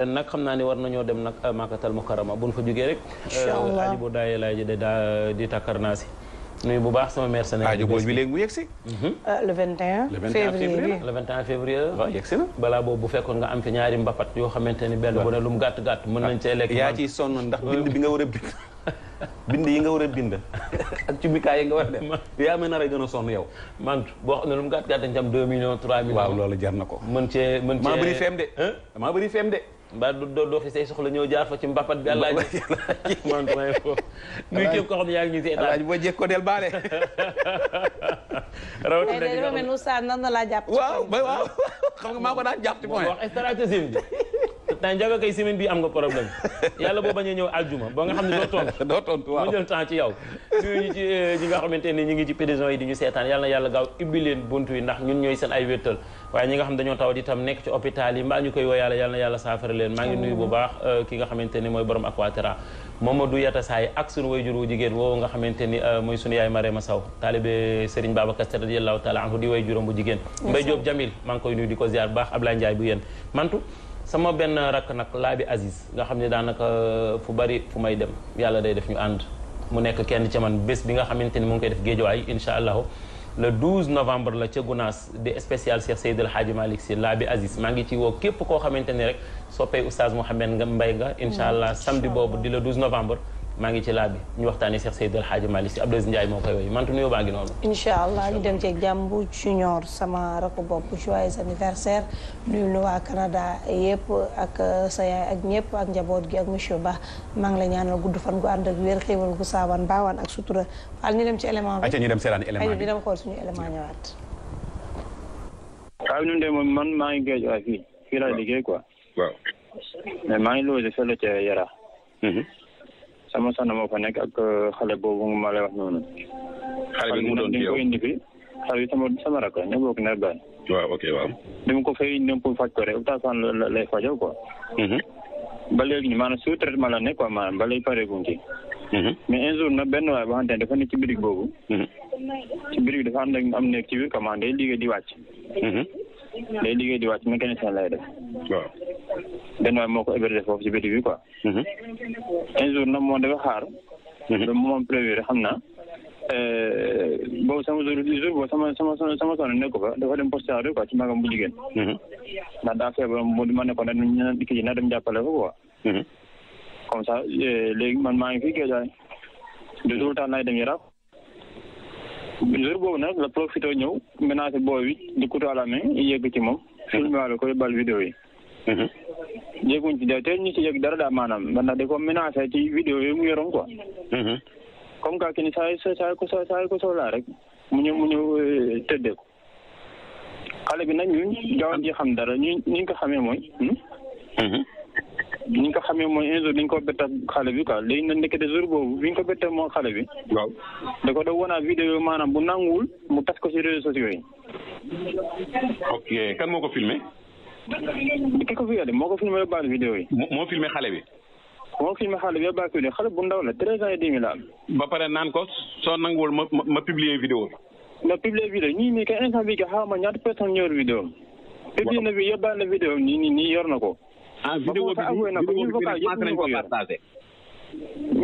ren nag xam naa ni war nañoo dem nag euh, Makatal Mukarama bu ñu fa jugee rek. Euh, incha allah aji bu daayee laay ji de daa di tàkkar naa si. nuyu bu baax sama mère Sénégal aji boobu bi léegi mu yegg si. Mhm. Euh, le 21. le 21 février le 21 na. balaa boobu bu fekkoon nga am fi ñaari mbapat yoo xamante ni benn bu ne lu mu gàtt gàtt mën nañ cee lekk. yaa ciy sonn ndax bind bi nga war a bind. bind yi nga war a bind ak cubikaay yi nga war a yaa ma nar a gën a sonn yow man boo xam ne lu mu gàtt gàtt dañ ci am 2 millions na ko mën cee mën cee maa bëri feem de feem de mbaa du doo fi say la ñëw jaar fa ci mbapat bi allah ji man may fo nuyu képp koo xam ne yaa ngi ñu si état alaaji boo jékkoo del baale rawatina dafa mel ni Oustaz nan na laa jàpp waaw waaw xam nga maa ko daan jàpp ci point wax stratégie bi temps njaga kay semaine bi am nga problème yàlla boo bañee ñëw aljuma ba nga xam ne doo tontu doo tontu temps ci yow ñuñu euh, nga xamante ne ñi yi di ñu seetaan yàlla na yàlla gaaw ubbi leen buntu yi ndax ñun ñooy seen ay wéttal waaye ñi nga xam dañoo tawat itam nekk ci hôpital yi mbaa ñu koy woo yàlla yàlla na yàlla saafara leen maa ngi nuyu bu baax euh, ki nga xamante ni mooy borom Aquatera Mamadou Yatasaay ak sunu wayjur wu jigéen woowu nga xamante ni euh, mooy sunu yaay ma Marema Saw taalibe Serigne Babacar Sy radiyallahu taala anhu di wayjuram bu jigéen Mbay Joob Jamil maa ngi koy nuyu ko ziar baax Ablaye Ndiaye bu yéen mantu sama benn rakk nag laabi bi nga xam ne daanaka euh, fu bari fu may dem yàlla day def ñu ànd mu nekk kenn ci man bés bi nga xamante ni mu ngi koy def géejuwaay incha allah le 12 novembre la ca Gunaas di spécial Cheikh Seydil Hadji Malick Sy laa bi Aziz maa ngi ci woo képp koo xamante ni rek soppee oustaz Mouhamed nga mbay nga incha mm. allah samedi boobu di le 12 novembre maa ngi ci laaj bi ñu waxtaanee Cheikh Seydi El Hadji Malick Sy Abdoulaye Ndiaye moo koy woy mantu nuyoo baa ngi noonu. incha allah ñu dem ceeg jàmm junior sama rakku bopp joyeux anniversaire nuyu na waa Canada yëpp ak sa yaay ak ñëpp ak njaboot gi ak monsieur Ba maa ngi la ñaanal gudd fan gu ànd ak wér xéewal gu saaban baawaan ak sutura fal ñu dem ci élément bi. ayca ñu dem seetaan élément bi ñu dem xool suñu élément ñëwaat. waaw maa ngi géej waa maa ngi logé fële ca sama soxna moo fa nekk ak euh, xale boobu ma lay wax noonu. xale bi mu doon fi yow indi fi xale bi sama sama rakk na baay. waaw ok waaw. ni mu ko fay ñoom pour ko rek hôpital Fann la lay fajoo quoi. Mm-hmm. ba léegi nii maanaam sous traitement la nekk quoi maanaam ba lay paree guñ ci. Mm-hmm. mais un na nag benn waay boo xamante ne dafa nekk ci birig boobu. Mm-hmm. ci birig dafa am nekk am nekk ci biir commande day liggéey di wàcc. day liggéey di wàcc a lay def. waaw benn waay moo ko hébergé foofu ci biti bi quoi. Mhm. un jour nag moo dafa xaar. Mhm. ba moom prévu xam naa. Euh, boobu sama jour jour boobu sama sama sama soxna nekk ko fa dafa dem poste rek quoi ci magam bu jigéen. Mhm. ndax daa feebar mu di ma nekkoon rek ñu ne kii na dem jàppale ko quoi. comme ça euh, léegi man maa ngi fi géej waay. de tout le temps laay dem Yaraax. jour boobu nag la profité ñëw menacé booy bi di couteau à la main yegg ci moom. filmé waale ko yóbbaale vidéo yi. Mhm. yegguñ ci dara te ñu ci yegg dara daal maanaam man nag da ko menacé ci vidéo yi mu yoroon quoi. Mhm. comme que kii nii saa ko saa yu ko saa yu ko soxlaa mu ñëw mu ñëw euh, tëddee ko xale bi nag ñun gaaw ji xam dara ñu ñu ko xamee mooy. Hmm? Mhm. ni ko xamee mooy un jour ko bett xale bi quoi léegi nag ndekete jour boobu bi ñu ko bettee moom xale bi. waaw da ko doon wan ak vidéo maanaam bu nanguwul mu tas ko ci réseaux sociaux yi. ok kan moo ko filmé. ki ko filmé moo ko filmé ba baal vidéo yi. moo filmé xale bi. moo filmé xale bi ba baal vidéo xale bu ndaw la treize ans et demi la ba pare naan ko soo nanguwul ma ma publier vidéo bi. ma publier vidéo ñii nii que instant bii que xaw ma ñaata personne ñëwul vidéo. publier na yor na ko. ah vidéo bi vidéo bi ko partagé.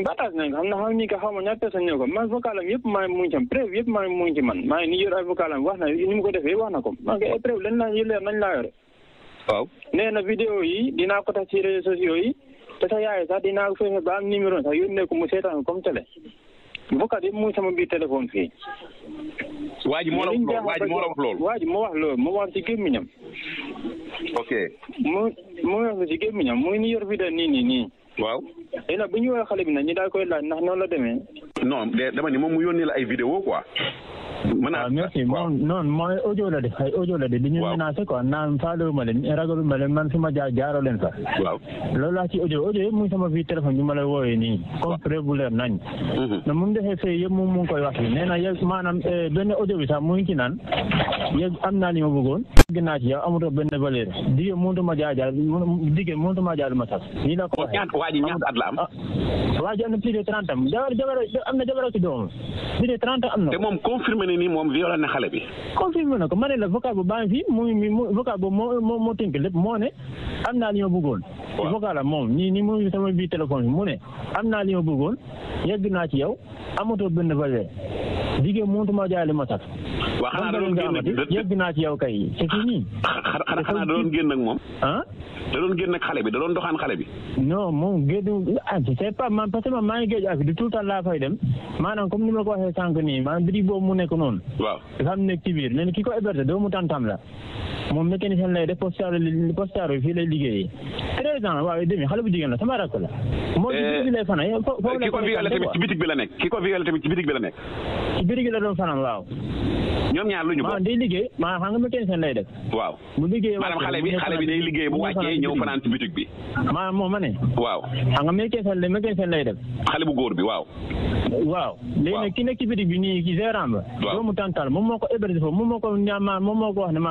partagé nañ ko am na xam ni que xaw ma ñaata personne ko man vocal am yëpp maa ngi mu ngi ci am preuve yëpp maa ngi mu ngi ni yor ay vocal am wax na ni mu ko defee wax na ko man kay preuve lan laa leer nañ laa yore. waaw nee na vidéo yi dinaa ko tax ci réseaux sociaux yi te sax yaay sax dinaa ko fexe ba am numéro sax yónnee ko mu seetaan comme télé. vocal yëpp mu ngi sama biir téléphone fii. waa ji moo la wax loolu waa ji moo la wax loolu. waa ji moo wax loolu moo wax ci gémmiñam. ok. mu mu wax ci gémmiñam mu ngi nii yor bi de nii nii waaw. léegi bu ñu woowee xale bi nag ñu daal koy laaj ndax noonu la demee. non dama ni moom mu yónnee la ay vidéo quoi. Ah, waaw merci non non mooy audio la de ay audio de. dañuy menacé quoi naan faalewuma leen ragaluma leen man fi ma jaar jaaroo leen fa. waaw loolu laa ci audio audio yëpp ma lay woowee nii. comme pré bu leer nañ. mais mu defee fee yëpp moom mu ngi koy wax fii nee na yéen maanaam eh, benn audio bi sax mu ngi ci naan yéen am naa li ma bëggoon. dégg naa ci yow amatoo benn valeur dige mënutuma jaar jaar dige ma sax. nii la ko ji ñaata at la am. Ah, waa ji am na plus de trente ans jabar jabar am na jabar ci doom plus de trente am nii moom violé xale bi. confirmé na ko ma la vocal bu baa ngi fi mu ngi mu vocal boobu moo moo moo tënk lépp moo ne am naa li ma bëggoon. waaw vocal la moom nii nii mu sama mu ne am naa ma bëggoon yegg xanaa da doon génn ak yegg naa ci yow kay c'est fini. xanaa xanaa da doon génn ak moom. ah. da doon génn ak xale bi da doon doxaan xale bi. non moom génn ah c'est pas man parce man maa ngi géej ak di tout le laa fay dem maanaam comme ni ma ko waxee sànq nii maanaam bitig boobu mu nekk noonu. waaw dafa am nekk ci biir nee na ki ko hébergé doomu tantam la moom mécanicien lay def postaro postaro fii lay liggéeyee. treize ans waaw demi xale bu jigéen la sama rakk la. moom ci bitig bi lay fanaan yow foofu eh, la ko violé tamit ci bitig bi la nekk la nekk. ci bitig bi la doon fanaan waaw. ñoom ñaar lu ñu bokk day liggéey maanaam xam nga mécanicien lay def. waaw bu liggéeyee maanaam xale bi xale bi day liggéey bu wàccee ñëw fanaan bi. maanaam moom ma waaw xam nga mécanicien lay mécanicien lay def. xale bu doomu tantal moom moo ko hébergé foofu moom moo ko ñaama moom moo moom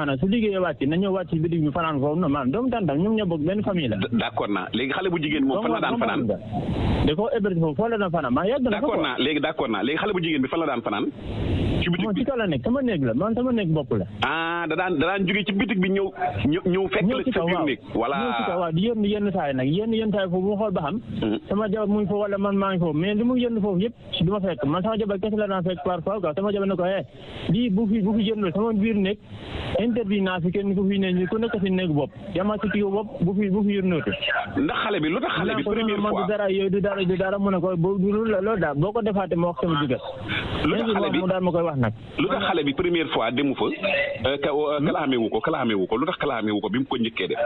da ko hébergé foofu foo la daan fanaan maa yàgg na d'accord naa ah, da daan da daan jógee ci bitig bi ñëw ñëw ñëw fekk la ci sa biir yenn mm-hmm. foofu yëpp du fekk man sama jabar kese la daan fekk parfois quoi sama jabar ne ko waaye lii bu fi bu fi jëm la sama biir nekk interdit naa fi kenn ku fi ne ñu ku nekk si nekk bopp fi bu fi yónnoote ndax xale bi lu tax xale bi première fois du ko boo ko defaate ma wax bi première fois demu fa euh, euh, hmm? kalaamewu ko kalaamewu ko lu tax kalaamewu ko bi mu ko njëkkee def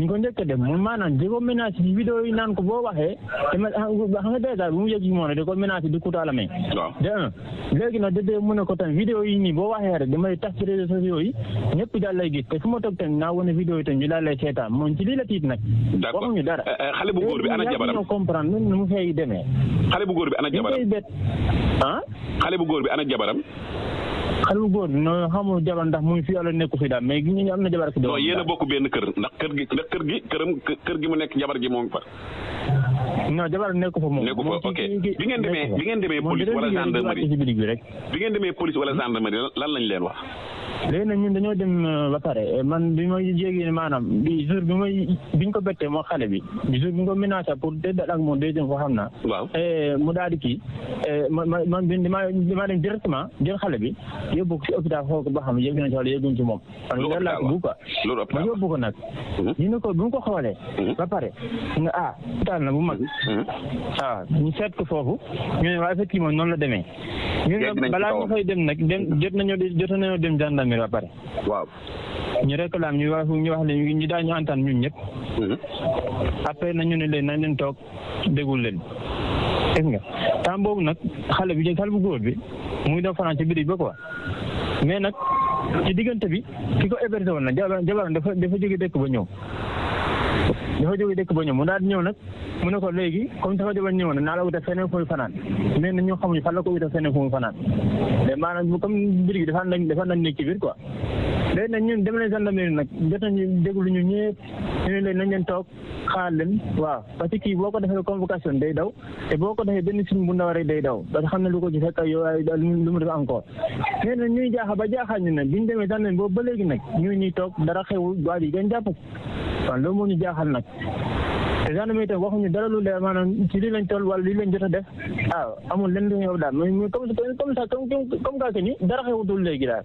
ñu ko njëkkee def mu maanaam di ko menacé si vidéo yi naan ko boo waxee dama ah, xam nga dèjà bu mu yëg si moom ne di ko menacé di kutaala may de un léegi nag de mën a ko tamit vidéo yi nii boo waxee rek damay tas ci réseaux sociaux yi ñëpp daal lay gis te fu ma toog tamit naa wane vidéo yi tamit ñu daal lay seetaan moom ci lii la tiit nag waxuñu dara eh, eh, xale bu góor bi ana jabaram ñoo mu fay demee xale bu góor bi ana jabaram jabaram xale bu góor bi no xamul jabar ndax mu ngi fi nekku fi daal mais gi ñu am na jabar ki non yéen a bokk benn kër ndax kër gi ndax kër gi mu nekk jabar gi moom ngi fa non jabar nekku fa moom nekku fa ok bi ngeen demee bi ngeen demee police wala gendarmerie bi ngeen demee police wala lan lañ leen wax léegi nag ñun dañoo dem euh, ba pare man bi ma jéegi maanaam bi jour bi may biñ ko bettee moo xale bi jour bi ñu ko menacé pour déedéet ak moom deuxième fois xam naa. waaw mu daal di kii ma ma man damaa damaa dem directement jël xale bi yóbbu ko si hôpital xool ko ba xam yëg na ci wala yëguñ ci moom. loolu hôpital waaw parce que loolu hôpital ko nag. Mhm. ñu ne ko bu ñu ko xoolee. Mhm. ba pare nga ah hôpital na bu mag. waaw mhm. ah, ñu seet ko foofu ñu ne waa effectivement noonu la demee. ñun balaa ñu fay dem nag dem jot nañoo dem gendarmerie ba pare. waaw ñu réclame ñu wax ñu wax leen ñu daañu antan ñun ñëpp. Mm-hmm. après nañu ne leen na leen toog dégul leen. dégg nga temps boobu nag xale bi xale bu góor bi mu ngi doon fanaan bi biir ba quoi mais nag ci diggante bi ki ko hébergé woon nag jabaram dafa dafa jóge dëkk ba ñëw. dafa jóge dëkk ba ñëw mu daal di ñëw nag mu ne ko léegi comme sama jabar ñëw na naa la wutal feneen fu fanaan ne boo ko defee convocation day daw te boo ko defee bu ndaw rek day daw parce que xam ne lu na ñuy jaaxa ba jaaxaat nag biñ demee gendarmerie ba léegi nag ñu ñuy toog dara xewul waa ji gën jàpp waaw loolu moo ñu jaaxal nag te gendarmerie tam waxuñu dara lu leer maanaam ci lii lañ toll wala lii lañ jot a def ah amul lenn lu ñu wax daal mais comme comme ça comme comme kaa que ni dara xewutul léegi daal.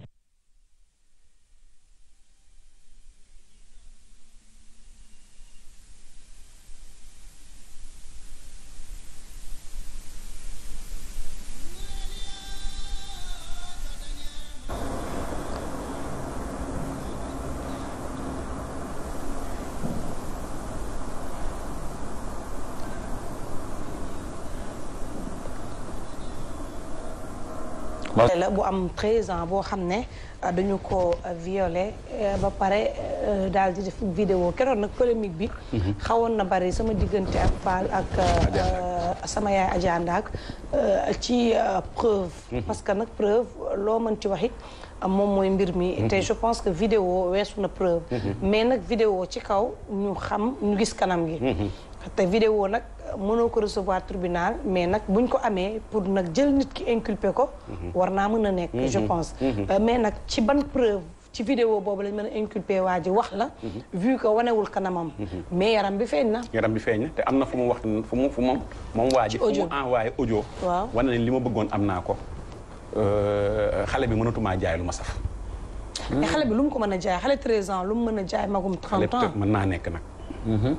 xale la bu am 13 ans boo xam ne euh, dañu ko euh, violé euh, ba pare daal di def vidéo keroon nag polémique bi mhm. xawoon na bari sama diggante ak Fall ak sama yaay Adja Ndak ci preuve mhm. parce que nag preuve loo mën ci waxit moom mooy mbir mi mhm. te je pense que vidéo weesu na preuve mais nag vidéo ci kaw ñu xam ñu gis kanam gi te vidéo nag mënoo ko recevoir tribunal mais nag buñ ko amee pour nag jël nit ki inculper ko war naa mën a nekk mhm. je pense mhm. Mhm. Euh, mais nag ci ban preuve ci vidéo boobu lañ mën a inculper wax la vu wanewul kanamam mais yaram bi feeñ na yaram bi feeñ te am na fu mu wax fu mu fu moom waa ji fu mu envoyé audio wane ne li ma bëggoon am naa ko euh, xale bi mënatumaa jaay lu ma saf xale bi lu mu ko mën a jaay xale 13 lu mu mën a jaay magum 30 ans mën naa nekk nag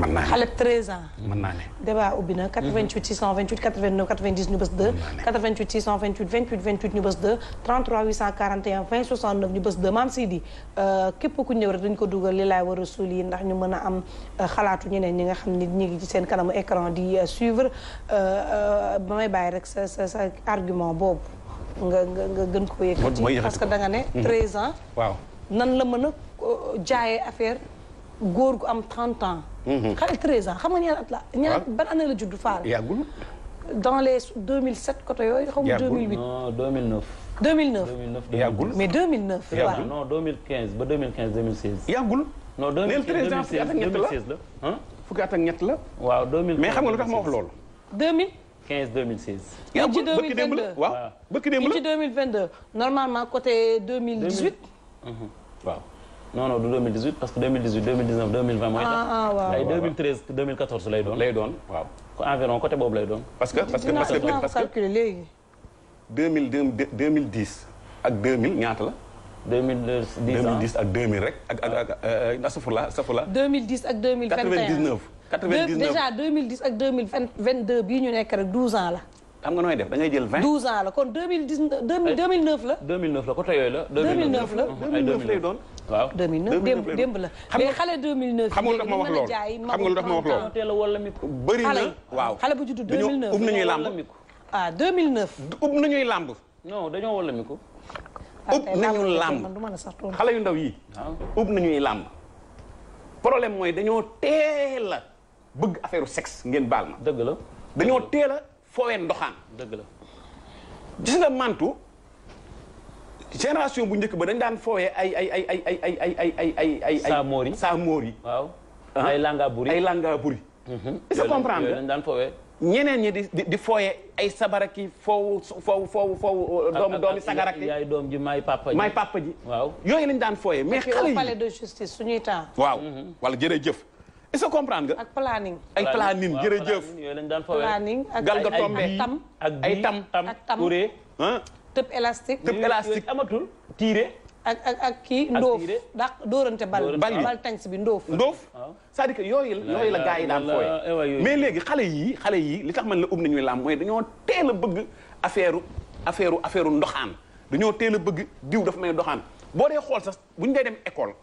mën naa ne xale 13 ans. mën naa ne débat ubbi na. 88 628 89 90 ñu bës 2. 88 628 28 28 ñu bës 2. 33 841 20 69 ñu bës 2 maam Sidi euh, képp ku ñëw rek dañu ko dugal li laay war a suul yi ndax ñu mën a am euh, xalaatu ñeneen ñi nga xam ni ñu ngi ci seen kanamu écran di euh, suivre ba may bàyyi rek sa sa sa argument boobu nga nga nga gën ko yëkkati. parce que da nga ne. 13 ans. waaw nan la mën a jaayee affaire. góor gu am 30 ans. xale 13 ans xam nga ñaar at la. ñaar ban année la judd Fall. yàggul. dans les 2007 côté yooyu. xaw ma 2008 non 2009. 2009 2009 yàggul mais 2009. yàggul non 2015 ba 2015 2016. yàggul. non 2015 la ah. fukki at ak ñett la. waaw 2015 mais xam nga la waaw bëkk démb la normalement côté non non du 2018 parce que 2018 2019 2020 mooy tax ay 2013 2014 lay doon lay doon waaw environ côté boobu lay doon parce que parce que parce que dinaa ak 2000 ñaata la ak déjà 2010 ak 2022 bii ñu nekk rek 12 ans la xam nga nooy def da ngay jël la kon 2010 2009 la 2009 la côté yooyu la 2009 la lay doon waaw 2009 démb démb la mais xale 2009. xam nga lu tax ma wax loolu xam nga lu tax ma wax loolu. bëri na waaub xale bu juddu 2009 dañoo ub nañuy làmb. ah 2009. ub nañuy làmb. non dañoo wallamiku. ub nañu làmb xale yu ndaw yi. Ah. ub nañuy làmb. problème mooy dañoo teel bëgg affaire sexe ngeen baal ma. dëgg la dañoo teel a foowee ndoxaan. dëgg la gis mantu. génération bu njëkk ba dañ daan fooyee ay ay ay ay ay ay ay ay ay ay ay langa buri ay langa buri est-ce que comprendre dañ daan fooyee ñeneen ñi di di fooye ay sabaraki foowu foowu foowu foowu doomu doomi sagaraki yaay doom ji may papa ji may papa ji yooyu lañ daan fooyee mais xale yi palais de justice suñuy temps waaw wala jërëjëf est-ce que comprendre ak planning. jërëjëf planning yooyu lañ daan fooyee planning ak ay tam ak tam ak tam tëb élastique. tëb élastique amatul tiire. ak ak kii ndóof ndax doorante bal bal tànks bi ndóof ndóof c'est-à-dire que yooyu la gars yi daan mais léegi xale yii xale yii li tax man la ub nañuy laam mooy dañoo teel a bëgg affaire affaire u ndoxaan dañoo teel a bëgg diw dafa may doxaan boo dee xool sax bu ñu dee dem école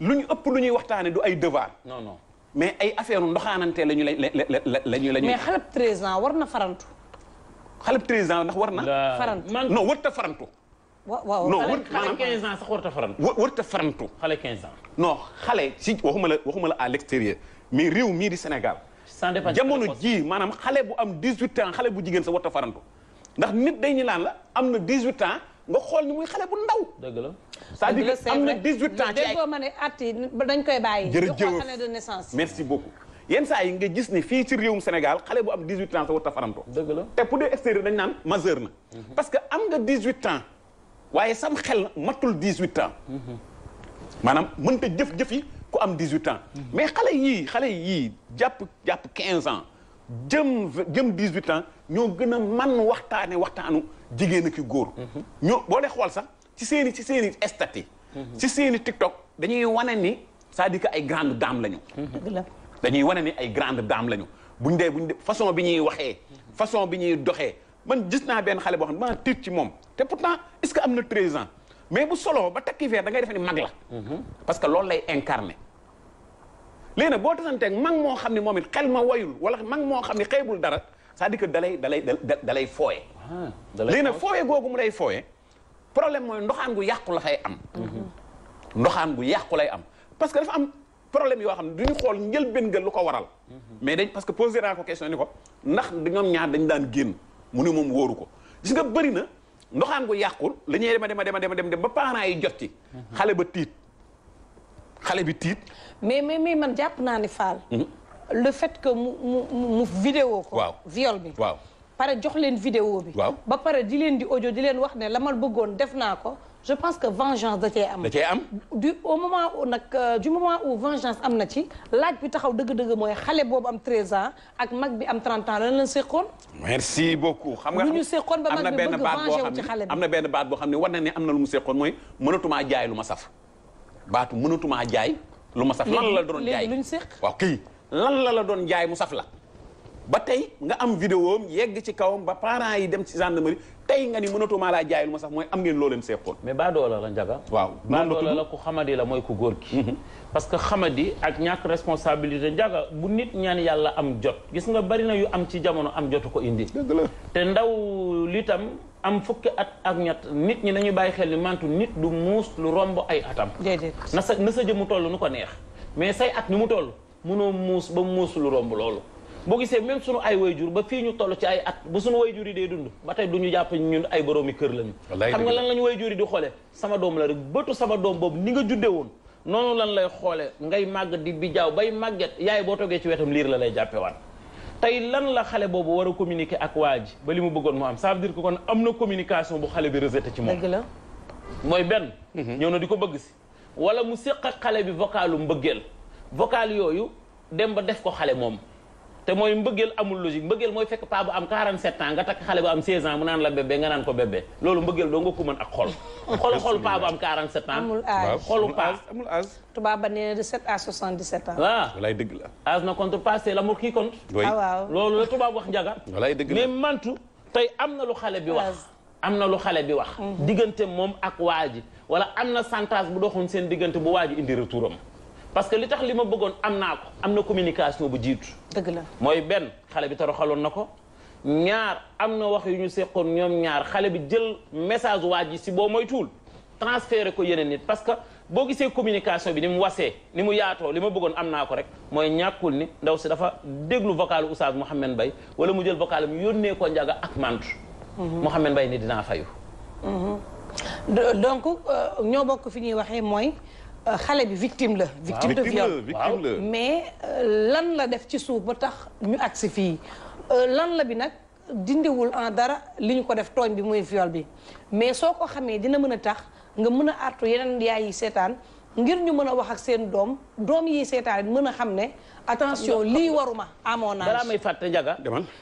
lu ñu ëpp lu ñuy waxtaane du ay devoir non mais ay affaire ndoxaanante la ñu la la ñu la ñu mais xale 13 war na farantu xale bu 13 ans ndax war na. farantu non warut a farantu. waaw non warut maanaam xale 15 ans sax warut a farantu. xale 15 ans. xale si waxuma la waxuma la à l'extérieur mais réew mii di Sénégal. sans dépense jamono ji maanaam xale bu am 18 ans xale bu jigéen sax warut a farantu ndax nit day ñu naan la am na 18 ans. nga xool ni muy xale bu ndaw. dëgg la c'est-à-dire am na 18 ans. ci ay ma ne at dañ koy bàyyi. jërëjëf jox ko année de merci beaucoup. yenn saa yi nga gis ne fii ci réewum Sénégal xale boo am 18 ans sa warut a faramtoo. dëgg la te pour de extérieur dañ naan majeur na. Mhm. parce que am nga 18 ans waaye sam xel matul 18 ans. Mhm. maanaam mënta jëf jëf ku am 18 ans. Mhm. mais xale yii xale yii jàpp jàpp 15 ans jëm jëm 18 ans ñoo gën a man waxtaane waxtaanu jigéen ki góor. ñoo boo dee xool sax ci seen i ci seen i statut ci seen TikTok dañuy wane ni cest à ay grande dame lañu. la. dañuy wane ni ay grandes dames lañu buñ dee buñ dee façon bi ñuy waxee façon bi ñuy doxee man jis naa benn xale boo xam ne maa tiit ci moom te pourtant est ce na 13 ans mais bu solo ba takki verre da ngay defe ni mag la. Mhm. parce que loolu lay incarné. léegi ne boo tasanteeg man moo xam ne moom it xel ma woyul wala mag moo xam ne xeebul dara c'est-à-dire que dalay dalay dalay fooye. Ah, dalay léegi nag fooye googu mu lay fooye problème mooy ndoxaan gu yàqu la fay am. Mhm. ndoxaan gu yàqu lay am parce que dafa am. problème yoo xam ne du ñu xool njëlbéen nga lu ko waral. mais dañ parce que posé naa ko question ni ko ndax ñoom ñaar dañ daan génn mu ne moom wóoru ko gis nga bëri na ndoxaan gu yàqul la dem a dem a dem dem ba parents yi jot ci. xale ba tiit xale bi tiit. mais mais mais man jàpp naa ne Fall. Mhm. le fait que mu mu ko. waaw viol bi waaw. pare jox leen vidéo bi. waaw ba pare di leen di audio di leen wax ne la ma bëggoon def naa ko. je pense que vengeance da cee am. da cee am du au moment où nag euh, du moment où vengeance am na ci laaj bi taxaw dëgg-dëgg mooy xale boobu am 13 ans ak mag bi am 30 ans lan la seqoon. merci beaucoup xam nga lu ñu seqoon ba mag bi bëgg venger wu ci xale bi am na benn baat boo xam ne war na ne am na lu mu seqoon mooy mënatumaa jaay lu ma saf baatu mënatumaa jaay lu ma saf. lan la doon jaay lu ñu seq waaw kii lan la la doon jaay mu saf la. ba tey nga am vidéo am yegg ci kawam ba parents yi dem ci gendarmerie tey nga ni mënatumaa laa jaayul ma sax mooy am ngeen loo leen seexoon mais baadoola la njaga waaw baadoola la ku xamadi la mooy ku góor ki mhm. parce que xamadi ak ñaat responsabilité njaga bu nit ñaan yàlla am jot gis nga bari na yu am ci jamono am jotu ko indi dëgg te ndaw li tam am fukki at ak ñett nit ñi nañu bàyyi xel ni mantu nit du muus lu romb ay atam na sa na sa jëmu toll nu ko neex mais say at ñu mu toll mënoo muus ba muus lu romb loolu boo gisee même sunu ay wayjur ba fii ñu toll ci ay at ba sunu wayjur yi dee dund ba tey du ñu jàpp ñun ay boroomi kër lañu xam nga lan la ñu wayjur yi di xoolee sama doom la rek bëtu sama doom boobu ni nga judde woon noonu lan lay xoole ngay màgg di bi jaaw bay màgget yaay boo toogee ci wetam liir la lay jàppee waan tey lan la xale boobu war a ak waa ji ba li mu bëggoon mu am ça veut dire ko kon am na communication bu xale bi rejeté ci moom. dëgg mooy benn. Mhm. ñëw na di ko bëgg si. wala mu séq xale bi vocalu mbëggeel vocal yooyu dem ba def ko xale moom. te mooy mbëggeel amul logique mbëggeel mooy fekk paa bu am 47 ans nga takk xale bu am 16 ans mu naan la bébé nga naan ko bébé loolu mbëggeel doo nga ko ak xol xolu xol am 47 ans tubaab ba nee na de 7 à 77 ans waaw walaay dëgg la âge na compte pas c'est l'amour qui compte ah waaw loolu la tubaab wax njaga walaay mantu tey am na lu xale bi wax am na lu xale bi wax mhm. diggante moom ak waa ji wala am na chantage bu doxoon seen diggante bu waa ji indi retouram parce que li tax li ma bëggoon am naa ko am na communication bu jiitu. dëgg la mooy benn xale bi toroxaloon na ko. ñaar am na wax yu ñu seqoon ñoom ñaar xale bi jël message waa ji si boo moytuwul transféré ko yeneen nit parce que boo gisee communication bi ni mu wasee ni mu yaatoo li ma bëggoon am naa ko rek mooy ñàkkul ni ndaw si dafa déglu vocal Oustaz Mouhamed Mbaye wala mu jël vocal am yónnee ko njaga ak mantu mhm. Mouhamed mbay ni dinaa fayu mhm. donc euh, ñoo bokk fi ñuy waxee mooy Euh, xale bi victime la. victime de viol mais euh, lan la def ci suuf ba tax ñu agsi fii euh, lan la bi nag dindiwul en dara li ñu ko def tooñ bi muy viol bi mais soo ko xamee dina mën a tax nga mën a artu yeneen yaay yi seetaan ngir ñu mën a wax ak seen doom doom yi seetaan mën a xam ne attention lii waruma amoon naa. balaa may fàtte njaga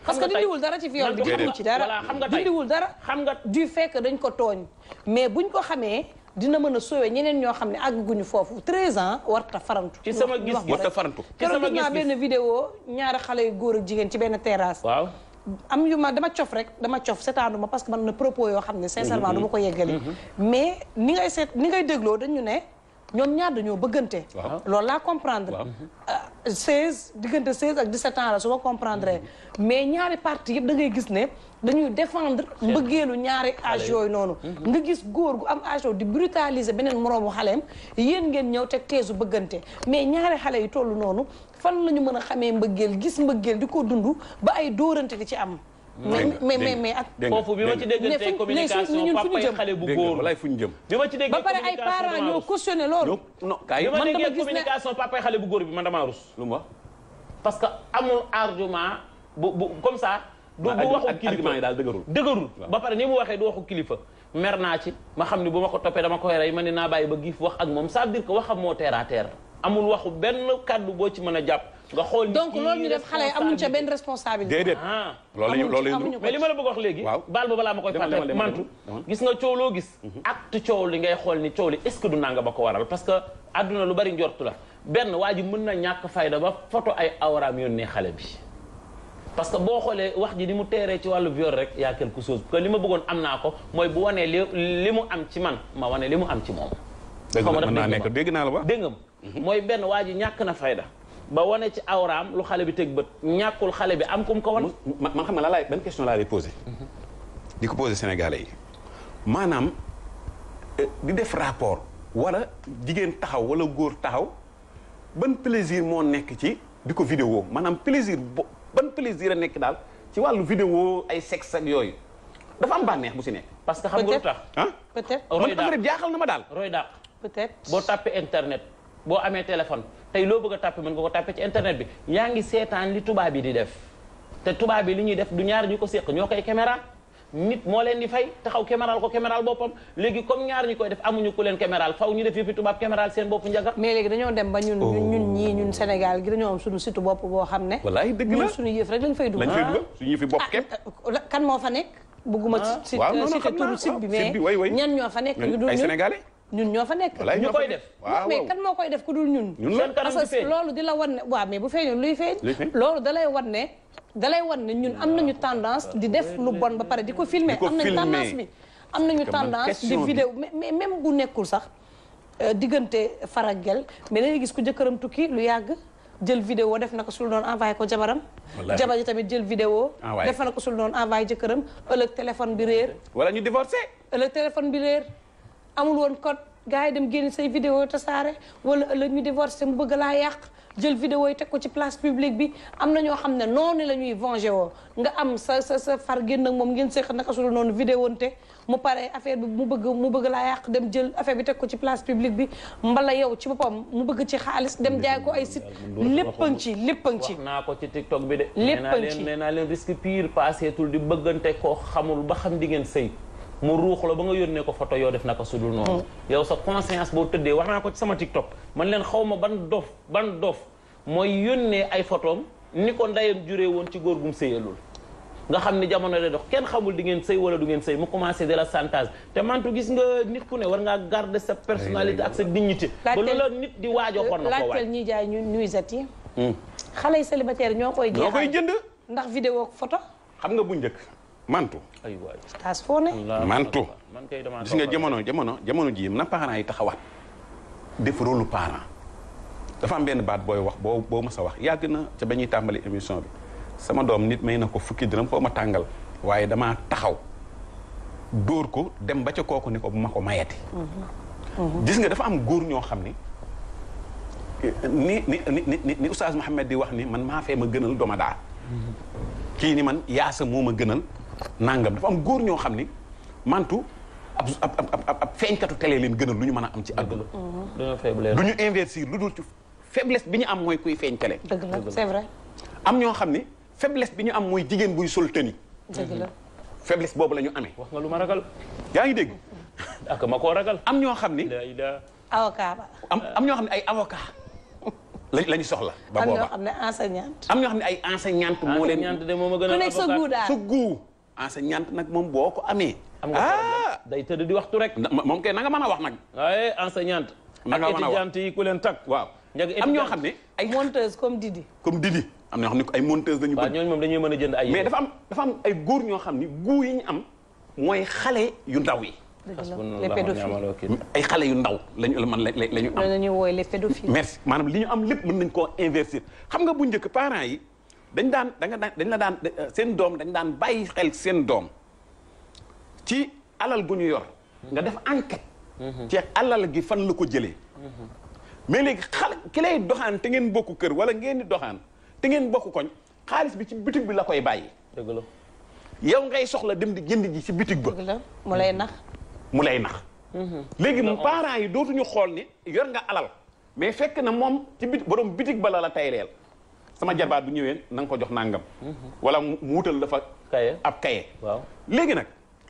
parce que dindiwul dara ci viol bi dindiwul ci dara. dindiwul dara xam nga du fait dañ ko tooñ mais buñ ko xamee. dina mën a sauver ñeneen ñoo xam ne àgguñu foofu 13 ans warta farantu. ci sama gis-gis warta farantu. ci sama gis-gis keroog benn ñaari xale yu góor ak jigéen ci benn terrasse. waaw am yu ma dama cof rek dama cof seetaanu ma parce que man na propos yoo xam ne sincèrement mm-hmm. du ma ko yeggalee mm-hmm. mais ni ngay seet ni ngay dégloo dañu ne. ñoom ñaar dañoo bëggante. loolu laa comprendre. 16 euh, diggante 16 ak 17 ans la su ma comprendre mm-hmm. mais ñaari parti yëpp da ngay gis ne dañuy défendre mbëggeelu ñaari âge yooyu noonu mm-hmm. nga gis góor gu am âge yooyu di brutaliser beneen moroomu xaleem yéen ngeen ñëw te teesu bëggante mais ñaari xale yi toll noonu fan la ñu mën a xamee mbëggeel gis mbëggeel di ko dundu ba ay dóorante di ci am mais mais mais ak. foofu bi ma ci déggante communication papa yi xale bu góor walaay fu ñu jëm. bi ma ci déggee ba pare ay parents ñoo cautionné loolu. non kay man dama gis ne communication papa yi xale bu góor bi man damaa rus. lu mu wax. parce que amul argument bu bu comme ça. du du waxu kilifa daal dëgërul dëgërul ba pare ni mu waxee du waxu kilifa. mer naa ci ma xam ne bu ma ko toppee dama koy rey ma ne naa bàyyi ba giif wax ak moom ça veut dire que waxam moo terre à terre amul waxu benn kàddu boo ci mën a jàpp nga xool donc loolu ñu def xale yi amuñ ca benn responsabilité. déedéet ah. loolu loolu amuñu mais li wax léegi. waaw baal ba balaa ma koy fàtte mantu gis nga coow loo gis. Mhm. acte coow li ngay xool ni coow li est-ce que du nanga ba ko waral parce que adduna lu bari njortu la benn waa ji mën na ñàkk fayda ba photo ay awraam yónnee xale bi. parce que boo xoolee wax ji ni mu teeree ci wàllu viol rek y a quelque chose que li ma bëggoon am naa ko mooy bu wanee li li mu am ci man ma wane li mu am ci moom. dégg naa la wax dégg nga mhm. mooy benn waa ji ñàkk na fayda ba wane ci awraam lu xale bi teg bët ñàkkul xale bi am kum ko wan. man xam nga la laay benn question laa lay posé. di ko posé Sénégalais yi maanaam euh, di def rapport wala jigéen taxaw wala góor taxaw ban plaisir moo nekk ci di ko vidéo maanaam plaisir bo ban plaisir a nekk daal ci wàllu vidéo ay sexe ak yooyu dafa am bànneex bu si nekk. parce que xam nga lu tax ah. peut-être man jaaxal na ma daal. roy dàq peut-être boo tàppee internet boo amee téléphone. tey loo bëgg a tàppe mën nga ko tàppe ci internet bi yaa ngi seetaan li tubaab bi di def te tubaab bi li ñuy def du ñaar ñu ko séq ñoo koy caméra nit moo leen di fay taxaw caméral ko caméral boppam léegi comme ñaar ñi koy def amuñu ku leen caméral faw ñu def yëppi tubaab caméral seen bopp njaga mais léegi dañoo dem ba ñun ñun oh. ñii ñun Sénégal gi dañoo am suñu site bopp boo xam ne la suñu yëf rek lañ fay dugal lañ fay dugal ah. suñu ah, eh, kan moo fa nekk bëgguma cité tur site bi ah, mais ñan ñoo fa nekk ñu dul ñun ñoo fa nekk ñu koy def mais kan moo koy def ku dul ñun parce que loolu di la wan ne waaw mais bu feeñoon luy feeñ loolu da lay wan ne da lay wan ñun am nañu tendance di def lu bon ba pare di ko filmer am nañu tendance bi am nañu tendance di vidéo mais même bu nekkul sax euh, diggante farak gel mais dañuy gis ku jëkkëram tukki lu yàgg jël vidéo def na ko sul doon envoyé ko jabaram jabar ji tamit jël vidéo def na ko sul doon envoyé jëkkëram ëllëg téléphone bi réer wala ñu divorcé ëllëg téléphone bi amul woon code gars yi dem génn say vidéo tasaare wala ëllëg ñu divorcé mu bëgg laa yàq jël vidéo yi teg ko ci place publique bi am na ñoo xam ne noonu la ñuy vengé woo nga am sa sa sa far génn ak moom ngeen séq naka sulu noonu vidéonte mu pare affaire bi mu bëgg mu bëgg laa yàq dem jël affaire bi teg ko ci place publique bi mbala yow ci boppam mu bëgg ci xaalis dem jaay ko ay site léppañ ci léppañ ci wax naa ko ci tiktok bi de léppañ ci nee naa leen risque pire passé di bëggante koo xamul ba xam di ngeen sëy mu ruux la ba nga yónnee ko photo yoo def naka sudul noonu mm. yow sa conscience boo tëddee wax naa ko ci sama TikTok man leen xaw ma ban dof ban dof mooy yónnee ay photom ni ko ndeyam jure woon ci góor gum sëyalul nga xam ne jamono day dox kenn xamul di ngeen sëy wala du ngeen sëy mu commencé de la chantage te mantu gis nga nit ku ne war ngaa garder sa personnalité ak sa dignité ba loola nit di waajo xor na ko waay ñuy jaay ñu nuisette yi mm. xale yi célibataire ñoo koy jeexal ñoo koy jënd ndax vidéo photo xam nga bu njëkk mantu. aywa taas foo ne. mantu gis nga jamono jamono jamono jii na parents yi taxawaat. def rôle parent. dafa am benn baat booy wax boo boo mës a wax yàgg na ca ba ñuy tàmbali émission bi sama doom nit may na ko fukki dërëm foo ma tàngal waaye dama taxaw dóor ko dem ba ca kooku ni ko bu ma ko mayati. Mm-hmm. gis nga dafa am góor ñoo xam ni ni ni ni di wax ni man maa fee ma gënal doma daal. Mm-hmm. kii ni man yaasa moo ma gënal. nangam dafa am góor ñoo xam ni mantu ab ab ab feeñkatu télé leen gënal lu ñu mën a am ci àdduna. Mhm. du ñu investir lu dul ci faiblesse bi ñu am mooy kuy feeñ télé. dëgg la c'est vrai. am ñoo xam ni faiblesse bi ñu am mooy jigéen buy sol tenue. dëgg mhm. boobu lañu ñu amee. wax nga lu ma ragal. yaa ngi dégg. ak ma koo ragal. am ñoo xam ni. avocat am am ñoo xam ne ay avocat. lañ soxla. ba booba am ñoo xam ne enseignante. am ñoo xam ne ay enseignante. moom a gën a avocat daal sa enseignante nag moom boo ko amee. am nga ah! day tëdd di waxtu rek. moom kay na nga mën a wax nag. waaye enseignante. na a wax ak étudiante yi leen takk. waaw am ñoo xam ne ay monteuse comme Didi. comme Didi am na ñoo xam ne ay monteuse dañu moom dañuy mën a jënd ay mais dafa am dafa am ay góor ñoo xam ne góor yi ñu am mooy xale yu ndaw yi. les pédophiles ay xale yu ndaw lañu la man la ñu am. la ñuy woowee les pédophiles. maanaam li ñu am lépp mën nañ ko inverser xam nga bu njëkk parents yi dañ daan danga nga daan dañ la daan eh, seen doom dañ daan bàyyi xel seen doom ci alal gu ñu yor nga def enquête mhm. ci alal gi fan la ko jëlee mhm. mais léegi xal ki lay doxaan te ngeen bokku kër wala ngeen di doxaan te ngeen bokku koñ xaalis bi ci bitig bi la koy bàyyi dëgg la yow ngay soxla dem di jënd ji ci bitig ba dëgg la mu lay nax mu lay nax mhm. léegi mu parents yi dootuñu xool ni yor nga alal mais fekk na moom ci bit borom bitig ba la la tayleel sama jarbaat bu ñëwee na ko jox nangam. wala mu wutal la fa. kaye ab kaye. léegi nag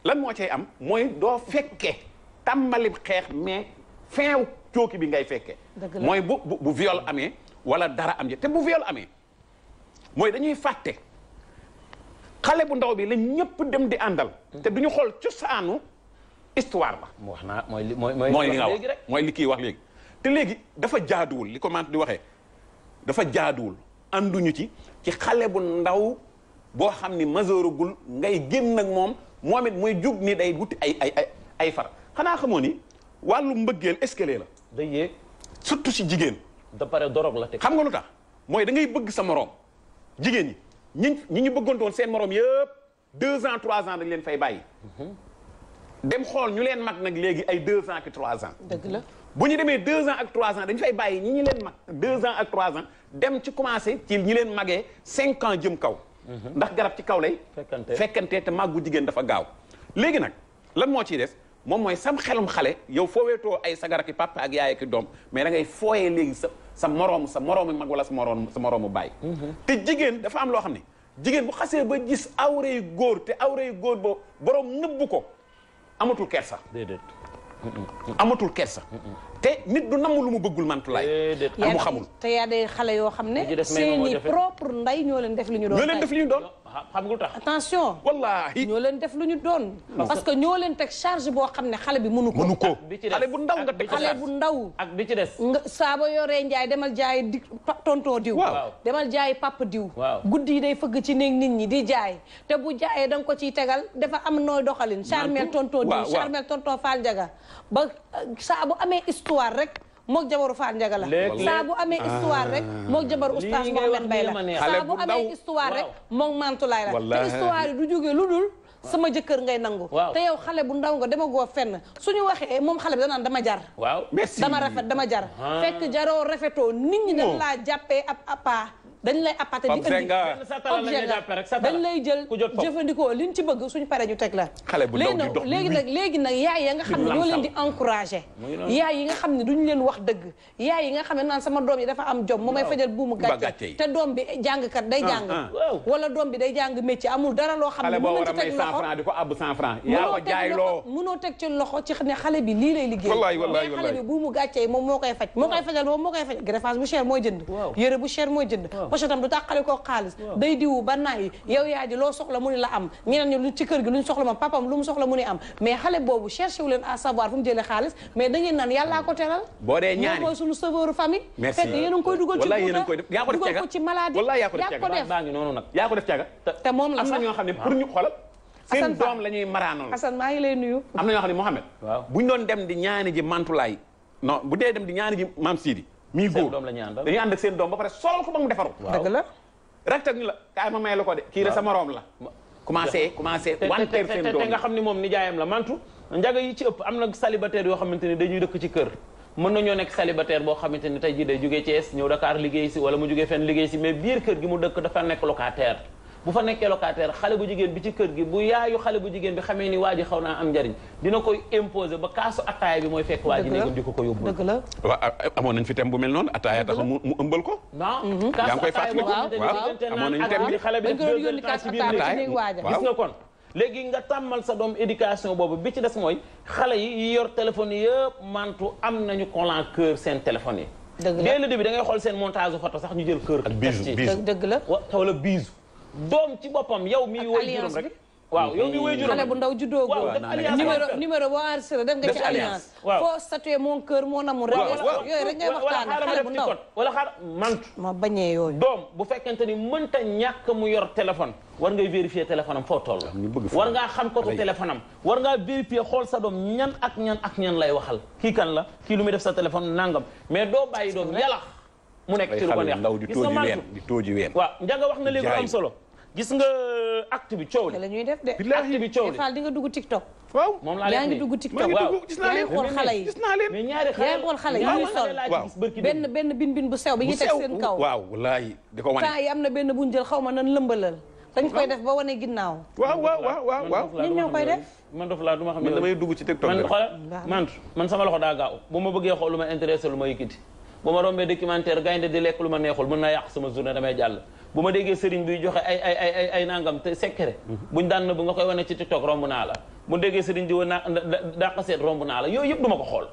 lan moo cay am mooy doo fekke tàmmalib xeex mais feew cooki bi ngay fekke mooy bu bu bu amee wala dara am ja te bu viol amee mooy dañuy fàtte xale bu ndaw bi la ñëpp dem di àndal. te duñu xool cosaanu histoire ba. wax naa mooy li mooy mooy li mooy li kii wax léegi. te léegi dafa jaaduwul li ko mant di waxee dafa jaaduwul ànduñu ci ci xale bu ndaw boo xam ni majooragul ngay génn nag moom moom it mooy jug ni day wuti ay ay ay ay far xanaa xamoo ni wàllu mbëggeel escalier la. day yéeg surtout si jigéen. da pare dorog la teg xam nga lu tax mooy da ngay bëgg sa moroom jigéen ñi ñi ñu ñu bëggantoon seen moroom yëpp deux ans trois ans dañ leen fay bàyyi. Mhm. dem xool ñu leen mat nag léegi ay deux ans ki trois ans. dëgg la. bu ñu demee deux ans ak trois ans dañu fay bàyyi ñi ñi leen mag deux ans ak trois ans dem ci commencé ci ñi leen magee cinq ans jëm kaw mhm. ndax garab ci kaw lay fekkante te màggu jigéen dafa gaaw léegi nag lan moo ciy des moom mooy sam xelum xale yow fooweetoo ay sagara ki papa ak yaay ki doom mais da ngay fooyee léegi sa sa moroom sa moroomu mag wala sa moroom sa moroomu bàyyi mhm. te jigéen dafa am loo xam ne jigéen bu xasee ba gis awrey góor te awre góor ba borom nëbbu ko amatul kersa déedéet amatul kersa. te nit du namm lu mu bëggul mantulaay. ak mu xamul te yaa de xale yoo xam ne. seeni propre nday ñoo leen def li ñu doon ñoo leen def li ñu doon. xam nga lu tax attention wallaahi ñoo leen def lu ñu doon parce que ñoo leen teg charge boo xam ne xale bi mënu ko mënu ko xale bu ndaw nga teg xale bu ndaw ak bi ci des nga saa yoree njaay demal jaay di tontoo diw demal jaay pap diw guddi yi day fëgg ci néeg nit ñi di jaay te bu jaayee da nga ko ciy tegal dafa am nooy doxalin charmel tontoo diw charmel tontoo faal jaga bu amee histoire rek mook jabaru faa Njaga la saa bu amee ah. histoire rek mook jabaru oustaz Mohamed Bay la saa bu amee histoire rek mook Mantulaay la te histoire yi du jógee lu dul sama jëkkër ngay nangu te yow xale bu ndaw nga dama goo fenn suñu waxee moom xale bi danaan dama jar waaw dama rafet dama jar ah. fekk jaroo rafetoo nit ñi dañ laa jàppee ab appa dañ lay appâté di indi objet la dañ lay jël jëfandikoo li ñu ci bëgg suñu paree ñu teg la léegi nag léegi nag yaay ya nga xam ne ñoo leen di encouragé yaay yi nga xam ne duñu leen wax dëgg yaay yi nga xam ne naan sama doom yi dafa am jom mu may fajal buumu gàcce te doom bi jàngkat day ah, jàng ah. wala doom bi day jàng métier amul dara loo xam ne mënoo ci teg loxo di ko àbb cent franc yaa ko jaay loo mënoo teg ci loxo ci ne xale bi lii lay liggéey mais xale bi buumu gàcce yi moom moo koy faj moo moo koy faj greffage bu cher mooy jënd yëre pochette am du tàqale xaalis day diwu ba nayi yow yaa ji loo soxla mu ni la am ñeneen lu ci kër gi lu ñu soxla ma papam lu mu soxla mu ni am mais xale boobu cherché wu leen à savoir fu mu xaalis mais da naan yàllaa ko teral boo a ngi koy dugal ci def baa te moom la sax am na ñoo xam ne pour ñu xoolal seen doom la ñuy maraanoon Assane maa ngi lay nuyu am na ñoo xam ne Mohamed buñ doon dem di ñaani ji mantulaay non bu dee dem di ñaani ji maam mii góor dañuy ànd ak seen doom ba pare sol ko ba mu defaru rek tag ñu la kaay ma may la ko de kii la sa moroom la commencé commencé wanteer seen te nga xam ni moom nijaayam la mantu njaga yi ci ëpp am na célibataire yoo xamante ne dañuy dëkk ci kër mën nañoo nekk célibataire boo xamante ni tey jii day jógee Thiès ñëw Dakar liggéey si wala mu jógee fenn liggéey si mais biir kër gi mu dëkk dafa nekk locataire bu fa nekkee locataire xale bu jigéen bi ci kër gi bu yaayu xale bu jigéen bi xamee ni waa ji xaw naa am njariñ dina koy imposer ba kaasu attaaya bi mooy fekk waa nekk néegam di ko ko yóbbul dëgg la waaw bu mel noonu attaaya tax mu ëmbal ko non mhm. yaa ngi koy fàttali waaw amoon nañ thème bi xale bi gis nga kon léegi nga tàmmal sa doom éducation boobu bi ci des mooy xale yi yor téléphone yëpp mantu am nañu collant cœur seen téléphone yi dès le début da ngay xool seen montage photo sax ñu jël cœur ak bisu dëgg la wala bisu doom ci boppam yow mi woy juróom rek waaw yow mi woy juróom xale bu ndaw juddoo góor numéro numéro boo enregistré def nga ci alliance foo statuer mon cœur mon amour rek yooyu rek bu ndaw wala xaar mantu ma bañee yooyu doom bu fekkente ni mënta ñàkk mu yor téléphone war ngay vérifier téléphone am foo toll war ngaa xam ko téléphone am war ngaa vérifier xool sa doom ñan ak ñan ak ñan lay waxal kii kan la kii lu muy def sa téléphone nangam mais doo bàyyi doom yalax mu nekk ci lu ko neex gis nga Malcom di tooji wax na léegi lu solo gis nga euh, acte bi coow li la ñuy def de acte bi coow li di nga dugg TikTok waaw moom laa yaa ngi dugg TikTok waaw gis naa leen xool xale yi gis naa leen mais ñaari benn benn bin bin bu sew bi ñuy teg seen waaw wallaahi di ko wane temps am na benn bu jël xaw ma nan lëmbalal dañ def ba wane ginnaaw waaw waaw waaw waaw ñun ñoo koy def man laa du ma xam ne man damay dugg ci TikTok man xoolal man man sama loxo daa gaaw bu ma bëggee xool lu ma intéressé lu bu ma rombee documentaire gaynde di lekk lu ma neexul mën naa yàq sama journée damay jàll bu ma déggee sëriñ bi joxe ay ay ay ay ay nangam te secret buñ bu nga koy wane ci TikTok romb naa la bu déggee sëriñ di wa naa dàq seet naa la yooyu yëpp du ma ko xool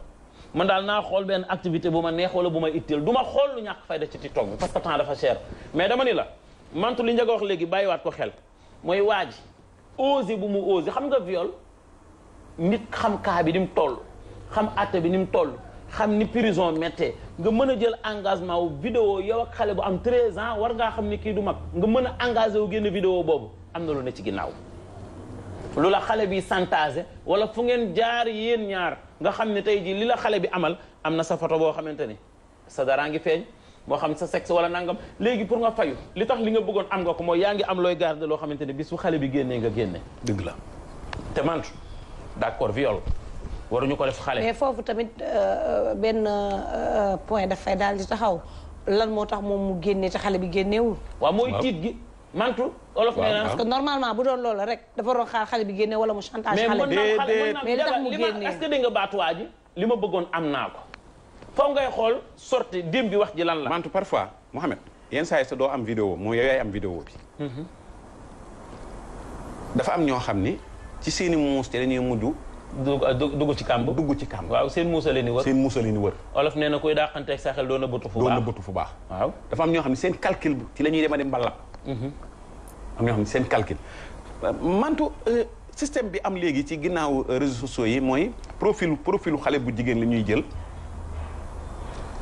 man daal naa xool benn activité bu ma neex wala bu ma itteel du ma xool lu ñàkk fayda ci TikTok bi parce que temps dafa cher mais dama ni la mantu li njëkk a wax léegi bàyyiwaat ko xel mooy waa ji osé bu mu osé xam nga viol nit xam kaa bi ni mu toll xam atte bi ni mu toll xam ni prison méttee nga mën a jël engagement wu vidéo yow xale bu am 13 ans war ngaa xam ni kii du mag nga mën a engagé wu génn vidéo boobu am na lu ne ci ginnaaw lu xale bi santage wala fu ngeen jaar yéen ñaar nga xam ne tey jii li la xale bi amal am na sa foto boo xamante ni sa daraa ngi feeñ moo xam sa sexe wala nangam léegi pour nga fayu li tax li nga bëggoon am nga ko mooy yaa ngi am looy garde loo xamante ni bis bu xale bi génnee nga génne. dëgg la te man d'accord viol waruñu ko def xale. mais foofu tamit euh, euh, benn euh, point dafay daal di taxaw lan moo tax moom mu génnee te xale bi génneewul. waaw mooy tiit gi. mantu olof nee na parce que normalement bu doon loola rek dafa doon xaar xale bi génne wala mu chantage xale bi mais li mu génne est nga baatuwaa ji li ma bëggoon am naa ko foog ngay xool sorti dém bi wax ji lan la mantu parfois Mohamed yenn saa yi sa doo am vidéo moo yow yaay am vidéo bi mhm. dafa am ñoo xam ni ci seeni muus te dañuy mujj Euh, dugg ci kàmb dugg ci kàmb waaw seen muusa leen di wër seen muusa leen di wër olof nee na koy daaxante ak saxel doon na bëtu fu baax baax waaw dafa am ñoo xam ne seen calcul bu la ñuy dem a dem ba lab mhm. am ñoo xam ne seen calcul mantu euh, système bi am léegi ci ginnaaw euh, réseaux sociaux yi mooy profilu profilu xale bu jigéen la ñuy jël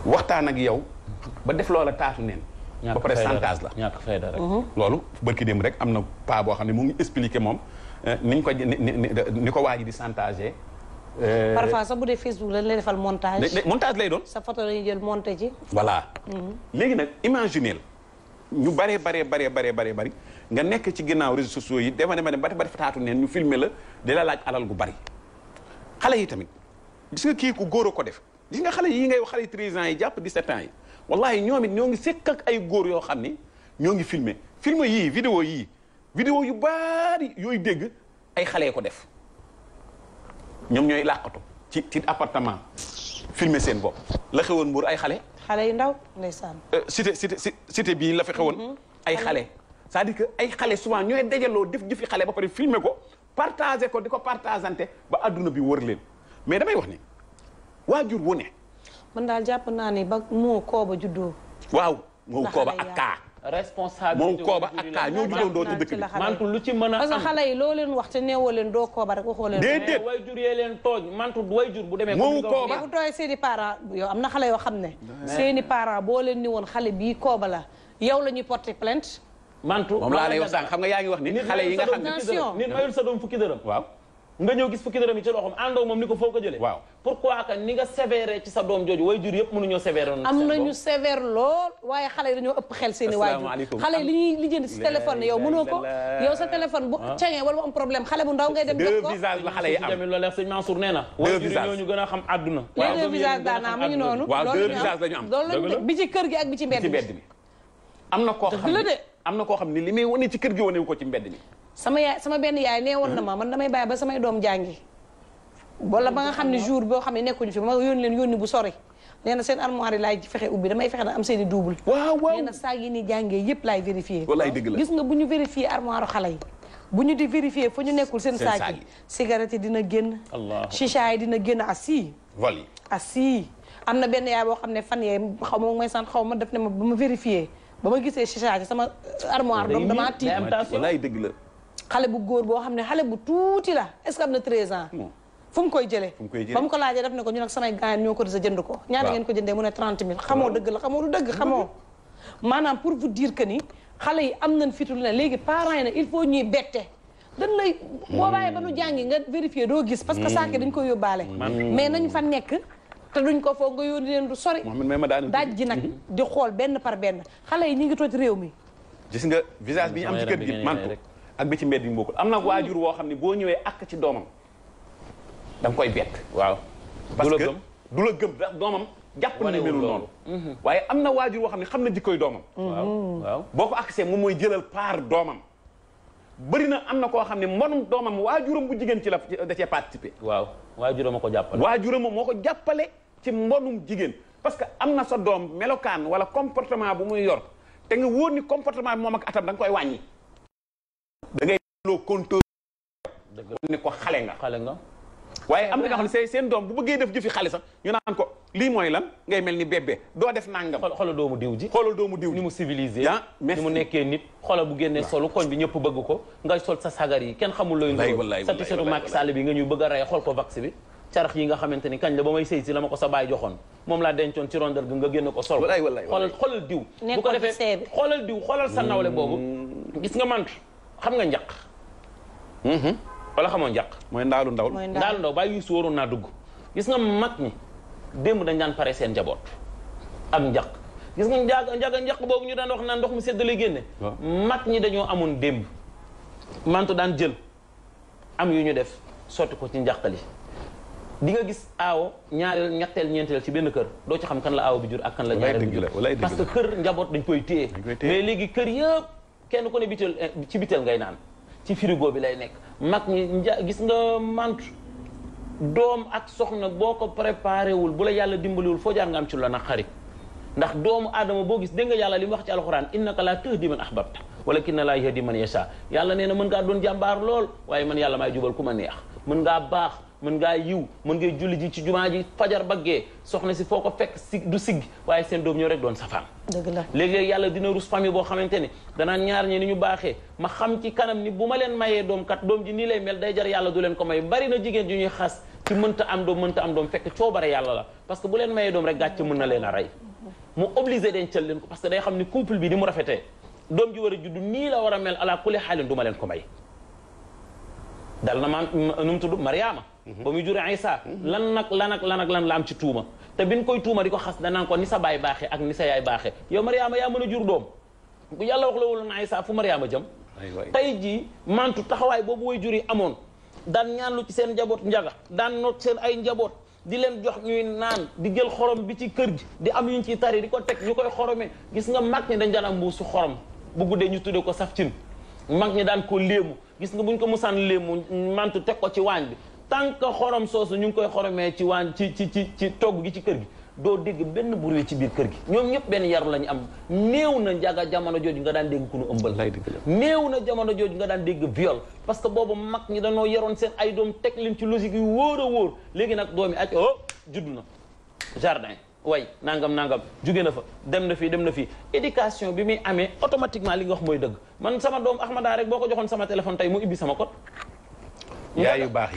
waxtaan ak yow ba def loola taatu neen ba pare chantage la ñàkk fayda rek dem rek am na paa boo xam ne mu ngi expliqué moom Eh, niñ ko ni ko waa ji di chantage. Eh, parfois sax bu dee Facebook lañ lay defal montage. montage lay doon. sa photo la ñuy jël monté ci. voilà. Mhm. léegi nag imagineel ñu baree baree baree bare baree bari nga nekk ci ginnaaw réseaux sociaux yi dama dema dem ba bari fataatu neen ñu filmer la di la laaj alal gu bari. xale yi tamit gis nga kii ku góor a ko def gis nga xale yi ngay wax xale yi 13 ans yi jàpp 17 ans yi wallahi ñoom ñoo ngi sekk ak ay góor yoo xam ne ñoo ngi filmer film yii vidéo vidéo yu baari yooyu dégg ay xale yoo ko def ñoom ñooy làqatu ci ci appartement filmer seen bopp la xewoon mbuur ay xale. xale yi ndaw ndeysaan. Euh, cité cité cité bii la fi xewoon. Mm-hmm. ay xale cest di dire que ay xale souvent ñooy dajaloo def jëfi xale ba pare filmer ko partager ko di ko partageante ba adduna bi wër leen mais damay wax ni waajur wu ne. man daal jàpp naa ni ba moo kooba juddoo. waaw moo kooba ak responsabilité moom kooba ak kaa ñoo juddoondoo ci dëkk bi mantu lu ci xale yi loo leen wax te neewoo leen doo kooba rek waxoo leen déedéet way jur yee leen tooñ mantu way jur bu demee moom kooba bu tooyee seen i parents am na xale yoo xam ne seeni parent boo leen ni woon xale bii kooba la yow la ñuy porter plainte mantu moom laa lay wax xam nga yaa ngi wax ni yi nga xam ne nit mayul sa doom fukki dërëm nga ñëw gis fukki dërëm yi ci loxoom àndoo moom ni ko foo ko jëlee waaw pourquoi que ni nga sévère ci sa doom jooju way jur yëpp mënuñoo sévère am nañu sévère lool waaye xale yi dañoo ëpp xel seeni waajur xale yi li ñuy lijjanti si téléphone yow mënoo ko yow sa téléphone bu ah. cañee wala mu am problème xale bu ndaw ngay dem def ko deux visages la xale yi am loolu leer a xam bi ci kër gi ak bi ci mbedd bi am na koo xam ne am na koo xam li muy wane ci kër gi wane ko ci mbedd mi sama yaay sama benn yaay nee woon na ma man damay bàyyi ba samay doom jàngi wala ba nga xam ne jour boo xam ne nekkuñu fi ma yónni leen yónni bu sori nee na seen armoire yi laay fexe ubbi damay fexe na am seen i waaw waaw nee na ni jàngee yëpp laay vérifié wallaay dëgg la gis nga bu ñu vérifié armoire xale yi bu ñu di vérifié fa ñu nekkul seen saag yi cigarette yi dina génn chicha yi dina génn assi ah vol yi assi ah am na benn yaay boo xam ne fan yee xaw may sant xaw ma def ne ma ba ma vérifié ba ma gisee chicha ci sama armoire donc damaa tiit wallaay dëgg la xale bu góor boo xam ne xale bu tuuti la est-ce que am na 13 ans. fu mu koy jëlee ba mu ko laajee daf ne ko ñu nag samay gaañ ñoo ko di sa jënd ko ñaata ngeen ko jëndee mu ne 30 000 xamoo dëgg la xamoo du dëgg xamoo maanaam pour vous diir que ni xale yi am nañ fitul ne léegi parents yi ne il faut ñuy bette dañ lay boo bàyyee ba nu nga vérifier doo gis parce que mm. saake dañ ko yóbbaale mm. mais nañ fa nekk te duñ ko foog nga yónni leen du sori daaj ji nag mm-hmm. di xool benn par benn xale yi ñi ngi toj réew mi gis nga visage bi ñu am ci kër gi mantu ak bi ci mbedd yu bokkul am na waajur woo xam ne boo ñëwee ak ci doomam da koy bett waaw parce que du la gëm doomam jàpp na melul noonu mhm. waaye am na waajur woo xam ne xam na jikkoy doomam waaw mhm. boo moom mooy jëlal paar doomam bëri na am na koo xam ne mbanum doomam waajuram bu jigéen ci la da cee participer waaw waajuram moo ko jàppale waajuram moo ko jàppale ci mbanum jigéen parce que am na sa doom melokaan wala comportement bu muy yor te nga wóor ni comportement bi moom ak atam da koy wàññi da ngay loo compteur ne ko xale nga xale nga waaye am na nga xam ne seen doom bu bëggee def jëfi xale sax ñu naan ko lii mooy lan ngay mel ni bébé doo def nangam xoolal doomu diw ji xoolal doomu diw ji ni mu civilisé ah, ni mu nekkee nit xoolal bu génnee solu koñ bi ñëpp bëgg ko ngay sol sa sagar yi kenn xamulooy looy ndox sa tisetu Macky Sall bi nga ñuy bëgg a rey xool ko vaccin bi carax yi nga xamante kañ la ba may sëy la ma ko sa baay joxoon moom laa dencoon ci rondal gi nga génn ko sol xoolal xoolal diw bu ko defee xoolal diw xoolal sa nawle boobu hmm. gis nga man xam nga njaq. Mm-hmm. wala xamoo njaq. mooy ndaalu ndaw mooy ndaalu ndaw bàyyi su waroon naa dugg. gis nga mag ñi démb dañ daan pare seen njaboot ak njaq gis nga njaq njaq njaq boobu ñu daan wax naan ndox mu sedd lay génne. mag ñi dañoo amoon démb. mantu daan jël am yu ñu def sotti ko ci njaq li di nga gis aawo ñaareel ñetteel ñeenteel ci benn kër doo ci xam kan la aawo bi jur ak kan la ñaareel bi jur que kër njaboot dañ koy téye mais léegi kër yëpp kenn ku ne bitel eh, ci bitel ngay naan ci frigo bi lay nekk mag ñi gis nga mant doom ak soxna boo ko préparé wul bu la yàlla dimbaliwul foo jaar nga am ci la na xari ndax doomu adama boo gis dégg nga yàlla li mu wax ci alxuraan innaka laa di man ahbabta walakinna laa yahdi man yasha yàlla nee na mën ngaa doon jàmbaar lool waaye man yàlla maay jubal ku ma neex mën ngaa baax mën ngaa yiw mën ngay julli ji ci jumaa ji fajar baggee soxna si foo ko fekk si du sigg waaye seen doom ñoo rek doon safaan dëgg la léeg-léeg yàlla dina rus famille boo xamante ne danaan ñaar ñi ni ñu baaxee ma xam ci kanam ni bu ma leen mayee doom kat doom ji nii lay mel day jar yàlla du leen ko may bari na jigéen ju ñuy xas ci mënta am doom mënta am doom fekk coobare yàlla la parce que bu leen mayee doom rek gàcce mën na leen a rey mu obligé dencal leen ko parce que day xam ni couple bi ni mu rafetee doom ji war a judd nii la war a mel ala kulli xaalin du ko may dal na ma nu mu tudd Mariama ba muy jure Isa lan nag lan ak lan ak lan la am ci tuuma te bi nu koy tuuma di ko xas danaan ko ni sa baay baaxee ak ni sa yaay baaxe yow Mariama yaa mën a jur doom bu yàlla wax la wala na Isa fu Mariama jëm tey jii mantu taxawaay boobu way jur yi amoon daan ñaanlu ci seen njaboot njaga daan noot seen ay njaboot di leen jox ñuy di jël xorom bi ci kër gi di am yuñ ciy tari di ko teg ñu koy xoromee gis nga mag ñi dañ daan am mbuusu xorom bu guddee ñu tuddee ko saf cin mag ñi daan ko léemu gis nga buñ ko musaan léemu mantu teg ko ci waañ bi tant que xorom soosu ñu ngi koy xoromee ci waan ci ci ci ci togg gi ci kër gi doo dégg benn bruit ci biir kër gi ñoom ñëpp benn yaru lañu ñu am néew na njaga jamono jooju nga daan dégg ku nu ëmbal néew na jamono jooju nga daan dégg viol parce que boobu mag ñi dañoo yaroon seen ay doom teg leen ci logique yu wóor a wóor léegi nag doomi aj oh juddu na jardin way nangam nangam jóge na fa dem na fii dem na fii éducation bi muy amee automatiquement li nga wax mooy dëgg man sama doom Ahmada rek boo ko joxoon sama téléphone tey mu ibbi sama code baax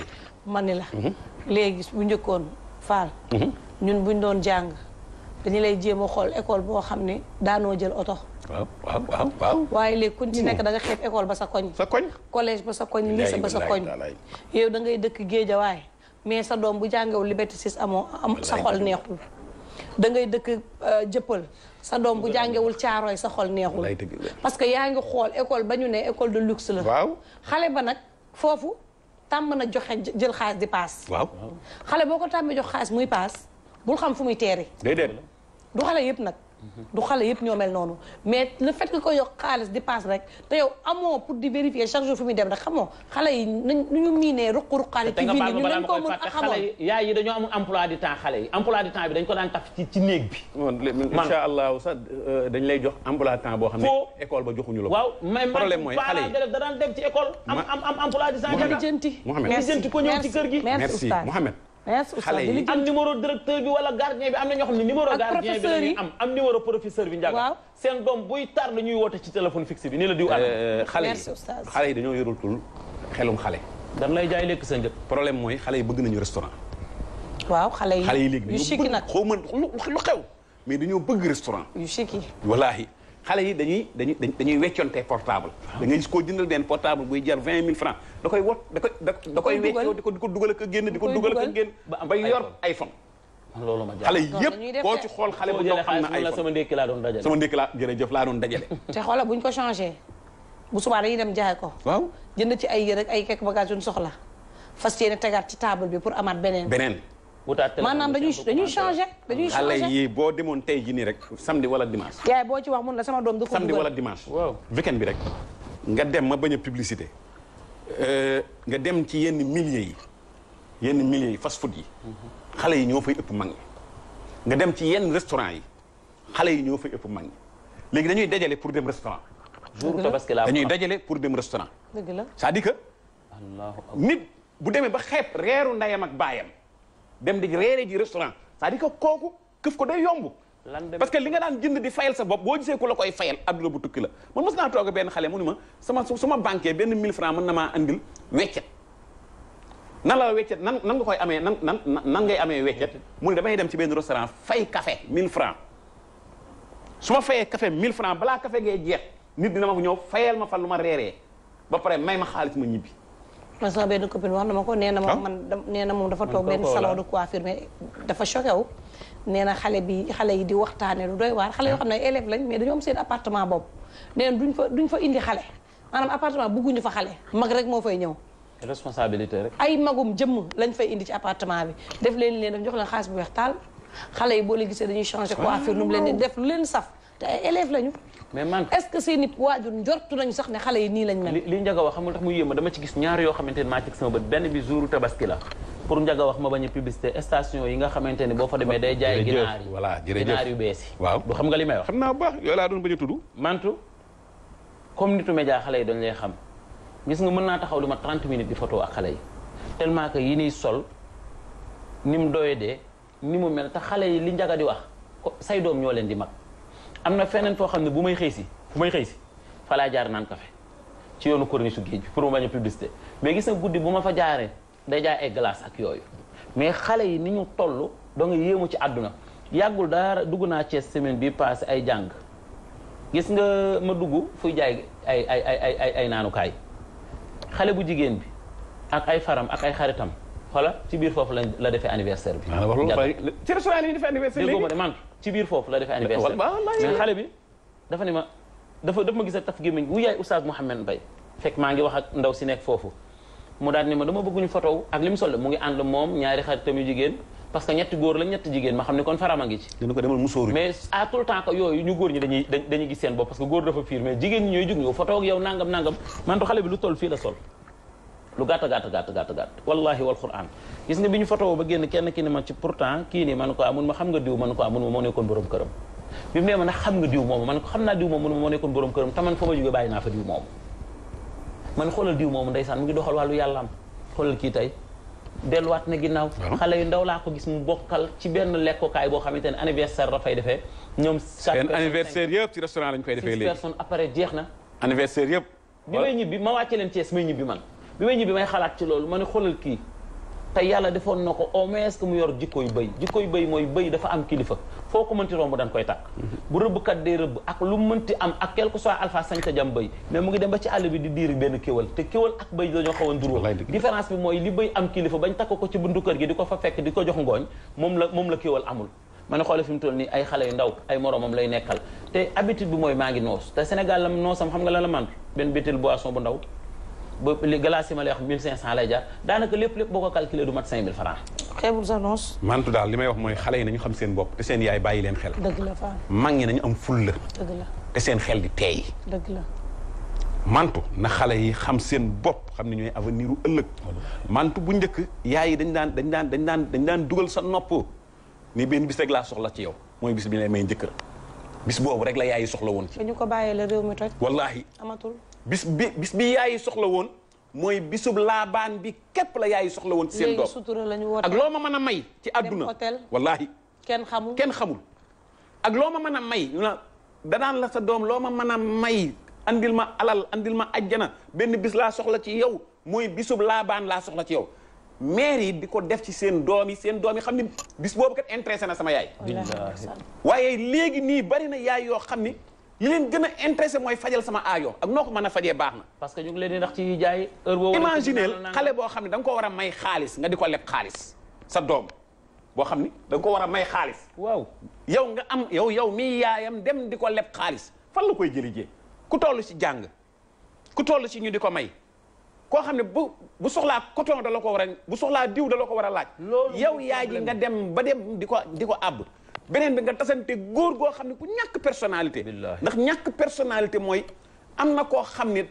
ma ni la mhm. léegi bu njëkkoon faal mhm. ñun buñ doon jàng dañu lay jéem a xool école boo xam ne daanoo jël oto waaw waaye léegi ku mhm. nekk da nga xeeb école ba sa koñ sa koñ collège ba sa koñ lycée ba sa koñ yow da ngay dëkk géejawaay mais sa doom bu jàngewul liberté six amoo am sa xol neexul da ngay dëkk euh, jëppal sa doom bu jàngewul caarooy sa xol neexul parce que yaa ngi xool école ba ñu ne école de luxe la waaw xale ba nag foofu tàmm na joxe jël xaalis di paas. waaw xale boo ko tàmmee jox xaalis muy paas bul xam fu muy teeri. déedéet du xale yëpp nag. du xale yëpp ñoo mel noonu mais le fait que koy yokk xaalis di paas rek te yow amoo pour di vérifier chaque jour fu muy dem rek xamoo xale yi nañ nu ñu miinee ruq ruqaani ci biir ñu leen ko temps xale yi emploi du temps bi dañ ko daan taf ci ci néeg bi incha allah euh, dañ lay jox emploi du temps boo xam ne école ba joxuñu la waaw mais problème mooy xale yi daan dem ci école am am am emploi du temps jënti Mohamed jënti ko ñëw ci kër gi merci Mohamed xale yi am numéro directeur bi wala gardien bi am na ñoo xam ne numéro gardien am am numéro bi njànga seen doom buy tar la ñuy woote ci téléphone fixe bi ni la diw àll euh, xale yi xale yi dañoo yorul tul xelum xale dan lay jaay lekk sa njëg problème mooy xale yi bëgg nañu restaurant waaw xale yi xale yi léegi yu chic nag xaw ma lu xew mais dañoo bëgg restaurant yu chic yi xale yi dañuy dañuy dañuy weccoonte portable ah. da ngay gis koo jëndal benn portable buy jar vingt mille francs da koy wot da koy da ko di ko dugal ak a génn ko dugal ak a génn ba yor iPhone loolu ma xale yëpp koo ci xool xale bu ndaw xam na iPhone sama ndékki laa doon dajale sama te xoola buñ ko changé bu subaa dañuy dem jaay ko waaw ci ay yére ak ay kekk bagage yu soxla fas yéene tegaat ci table bi pour amaat beneen beneen wutaat téléphone maanaam dañuy dañuy changé dañuy changé xale boo demoon tey jii nii rek samedi wala dimanche. yaay boo ci wax mun la sama doom du ko samedi wala dimanche. bi rek. nga dem ma bañ a publicité. Euh, nga dem ci yenn millier yi yenn milliers yi fast food yi. xale yi ñoo fay ëpp mag ñi. nga dem ci yenn restaurant yi xale yi ñoo fay ëpp mag ñi léegi dañuy dajale pour dem restaurant. jour tabaski la dañuy dajale pour dem restaurant. dëgg la c'est-à-dire que. nit bu demee ba xeeb reeru ndeyam ak baayam. dem di reere ji restaurant c'est-à-dire kooku këf ko day yomb parce que li nga daan jënd di fayal sa bopp boo gisee ku la koy fayal adduna bu tukki la man mos naa toog benn xale mu ni ma sama suma banqué benn 1000 francs mën na maa andil weccet nan la weccet nan nan nga koy amee nan nan nan ngay amee weccet mu ne damay dem ci benn restaurant fay kafe 1000 francs su ma fayee kafe mille francs balaa kafe ngay jeex nit dina ma ko ñëw fayal ma fa lu ma reeree ba pare may ma xaalis ma ñibbi man sama benn copine wax na ma ko nee na ma ah? man nee na moom dafa toog benn salon coiffure mais dafa choqué wu nee na xale bi xale yi di waxtaane lu doy waar xale yoo ah? xam ne élève lañ mais dañoo am seen appartement bopp nee na duñ fa duñ fa indi xale maanaam appartement bugguñu fa xale mag rek moo fay ñëw responsabilité rek ay magum jëmm lañ fay indi ci appartement bi def leen leen def jox leen xaalis bu weex taal xale yi boo leen gisee dañuy changé ah. coiffure nu mu leen di def lu leen saf te ay élève mais man est-ce que seen i waajur njortu nañu sax ne xale yi nii lañ mel. li li Ndiaga wax xamul tax mu yéema dama ci gis ñaar yoo xamante ne maa ci sama bët benn bi jouru tabaski wax ma bañ a publicité station yi nga xamante ne boo fa demee day jaay ginaar yi voilà jërëjëf ginaar yu bees yi waaw bu xam nga li may laa doon bañ a tudd mantu comme nitu média xale yi lay xam gis nga mën naa taxaw lu ma 30 minutes di photo ak xale yi tellement que yi niy sol ni mu doyee dee ni mu mel te xale yi li Ndiaga di wax say doom ñoo leen di mag am na feneen foo xam ne bu may xëy si bu may xëy si fa jaar naan kafe ci yoonu corniche su géej bi pour mu bañ a publicité mais gis na guddi bu ma fa jaaree day jaay ay glace ak yooyu mais xale yi ni ñu toll da nga yéemu ci àdduna yàggul dara dugg naa ci semaine bi passé ay jàng gis nga ma dugg fu jaay ay ay ay ay ay naanukaay xale bu jigéen bi ak ay faram ak ay xaritam xoola ci biir foofu la defee anniversaire bi. ci restaurant la ñuy defee anniversaire léegi ci biir foofu la defee anniversaire mais xale bi dafa ne ma dafa ma gis a taf gémmiñ wu yaay oustaz Mouhamed Mbaye fekk maa ngi wax ak ndaw si nekk foofu mu daal ne ma dama bëgguñu photo ak li mu sol mu ngi ànd moom ñaari xaritam yu jigéen parce que ñetti góor la ñetti jigéen ma xam ne kon farama ngi ci mais à tout le temps que yooyu ñu góor ñi dañuy dañuy gis seen bopp parce que góor dafa fiir mais jigéen ñi ñooy jug ñëw photo ak nangam nangam man du xale bi lu toll fii la sol lu gàtt gàtt gàtt gàtt gàtt wallahi wal quran gis nga bi ñu photo ba génn kenn ki ni ma ci pourtant kii nii man ko amun ma xam nga diw man ko amun ma moo nekkoon borom këram bi mu nee ma nag xam nga diw moomu man ko xam naa diw moomu ma moo nekkoon borom këram taman fa ma jógee bàyyi naa fa diw moomu man xoolal diw moomu ndeysaan mu ngi doxal wàllu yàllaam xoolal kii tey delluwaat na ginnaaw xale yu ndaw laa ko gis mu bokkal ci benn lekkukaay boo xamante ne anniversaire dafay defee ñoom seen anniversaire yëpp ci restaurant lañ koy defee léegi personne après jeex na anniversaire yëpp bi may ñibbi ma wàcce leen Thiès may ñibbi man bi may ñibbi may xalaat ci loolu ma ne xoolal kii te yàlla defoon na ko au moins que mu yor jikkooy bëy jikkooy bëy mooy bëy dafa am kilifa foo ko mënti romb dañ koy takk mhm. bu rëbbkat dee rëbb ak lu mënti am ak quel que soit alpha sañ ta jam bëy mais mu ngi dem ba ci àll bi di diiri benn kéwal te kéwal ak bëy dañoo xaw a nduroo différence bi mooy li bëy am kilifa bañ takk ko ci buntu kër gi di ko fa fekk di ko jox ngooñ moom la moom la kéwal amul ma ne xoole fi mu toll nii ay xale yu ndaw ay moroomam lay nekkal te habitude mooy maa ngi noos te Sénégal la noosam xam nga la la man benn bitil boisson bu ndaw ba li glace yi ma lay wax 1500 lay jar daanaka lépp lépp boo ko calculer du mat 5000 francs. xeebul mantu daal li may wax mooy xale yi nañu xam seen bopp te seen yaay bàyyi leen xel. dëgg nañu am fulla. la te seen xel di teey. dëgg la. mantu na xale yi xam seen bopp xam ne ñooy avenir u ëllëg. mantu bu njëkk yaay yi dañ daan dañ daan dañ daan dañ daan dugal sa nopp ni benn bis rek laa soxla ci yow mooy bis bi ñu lay may njëkkër bis boobu rek la yaay yi soxla woon ci. ñu ko bàyyee la réew mi toj. wallaahi bis bi bis bi yaay yi soxla woon mooy bisub laabaan bi képp la yaay yi soxla woon. ci seen doom sutura la ñu woote ak loo ma mën a may. ci àdduna wallaahi. kenn xamul kenn xamul. ak loo ma mën a may ñu danaan la sa doom loo ma mën a may andil ma alal indil ma ajjana benn bis laa soxla ci yow mooy bisub laabaan laa soxla ci yow. maire yi di ko def ci seen doom yi seen doom yi xam ni bis boobu kat intéressé na sama yaay. waaye léegi nii bari na yaay yoo xam ni. li leen gën a intéressé mooy fajal sama aayo ak noo ko mën a fajee baax na. parce que ñu ngi leen di ndax ci jaay heure boo. imagineel xale boo xam ne ko war a may xaalis nga di ko leb xaalis sa doom boo xam ni da nga ko war a may xaalis. waaw yow nga am yow yow mi yaayam dem di ko leb xaalis fan la koy jëli jee ku tollu ci jàng ku toll ci ñu di ko may. koo xam ne bu bu soxlaa coton da la ko war a bu soxlaa diw da ko war a laaj. yow yaay ji nga dem ba dem di ko di ko àbb. beneen bi nga tasante góor goo xam ne ku ñàkk personnalité ndax ñàkk personnalité mooy am na koo xam ne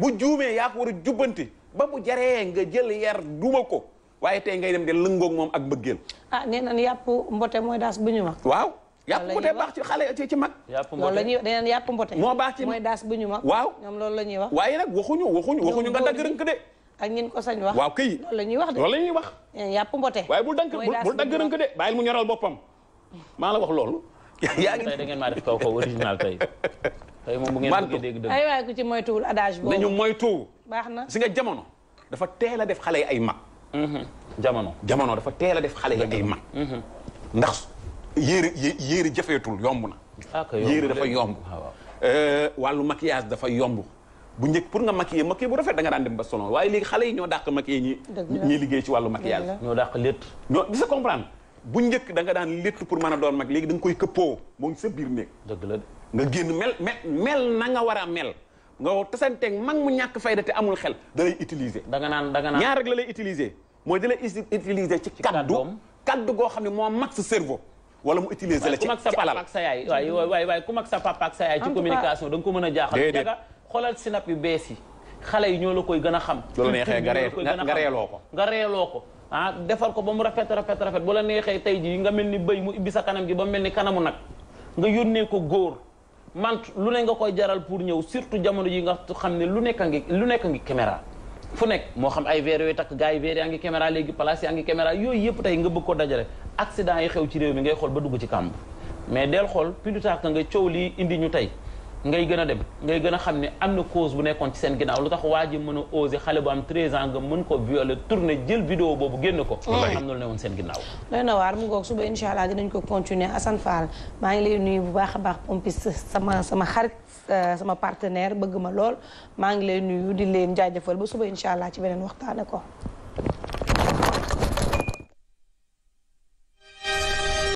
bu juumee yaa war a jubbante ba bu jaree nga jël yar duma ko waaye tey ngay dem de lëngoog moom ak mbëggeel ah nee nañ yàpp mbote mooy daas bu ñu mag waaw yàpp mbote baax ci xale ci ci mag loolu la ñuy wax nee yàpp mbote moo baax ci mooy daas bu ñu mag waaw ñoom loolu la ñuy wax waaye nag waxuñu waxuñu waxuñu nga dagg rënk de ak ñin ko sañ wax waaw kay loolu la ñuy wax de loolu la ñuy wax eh, yàpp mbote waaye bul dank bul dagg rënk de bàyyil mu ñoral boppam maa la wax loolu. yaa ngi tey da ngeen maa def kaw kaw original tey. moom bu ngeen bëggee dégg dëgg. ay waay ku ci moytuwul adage boobu moytu. na si nga jamono dafa teel a def xale yi ay mag. Mhm. jamono jamono dafa teel a def xale yi ay mag. Mhm. ndax yéeri yéeri na. ah yéeri dafa yomb. Ah, euh, wàllu maquillage dafa yomb. bu njëkk pour nga maquiller maquiller bu rafet da nga daan dem ba salon waaye léegi xale yi ñoo dàq maquiller ñi. ñi liggéey ci wàllu maquillage. ñoo dàq létt. ñoo di sa comprendre. bu njëkk da nga daan léttu pour mën a doon mag léegi da koy këppoo moo ngi sa biir néeg nga génn mel mel na nga war a mel nga tasanteeg mag mu ñàkk fayda te amul xel da utiliser da nga naan da nga ñaar rek la lay utiliser mooy da utiliser ci kaddu kaddu goo xam ne moo mag sa cerveau wala mu utiliser la ci ci alal ak sa yaay waay waay waay ku mag sa sa yaay ci communication da nga ko mën a jaaxal jaga xoolal sinap yu bees yi xale yi ñoo la koy gën a xam loolu neexee nga reeloo ko nga ko ah defar ko ba mu rafet rafet rafet bu la neexee tey jii nga mel ni bëy mu ibbi sa kanam gi ba mel ni kanamu nag nga yónnee ko góor mant lu ne nga koy jaral pour ñëw surtout jamono yi nga xam ne lu nekk ngi lu nekk ngi caméra fu nekk moo xam ay verre yooyu takk gars yi verre yaa ngi caméra léegi place yaa ngi caméra yooyu yëpp tey nga bëgg ko dajale accident yi xew ci réew mi ngay xool ba dugg ci kàmb mais del xool plus tard que nga coow lii indi ñu tey ngay gën a dem ngay gën a xam ne am na cause bu nekkoon ci seen ginnaaw lu tax waa ji mën a osé xale bu am 13 ans nga mën ko violer tourner jël vidéo boobu génn ko am na lu newoon seen ginnaaw doy na waar mu ngoog suba incha dinañ ko continuer Assane Fall maa ngi lay nuyu bu baax a baax pompiste sama sama xarit euh, sama partenaire bëgg ma lool maa ngi lay nuyu di leen jaajëfal ba suba incha allah ci beneen waxtaane ko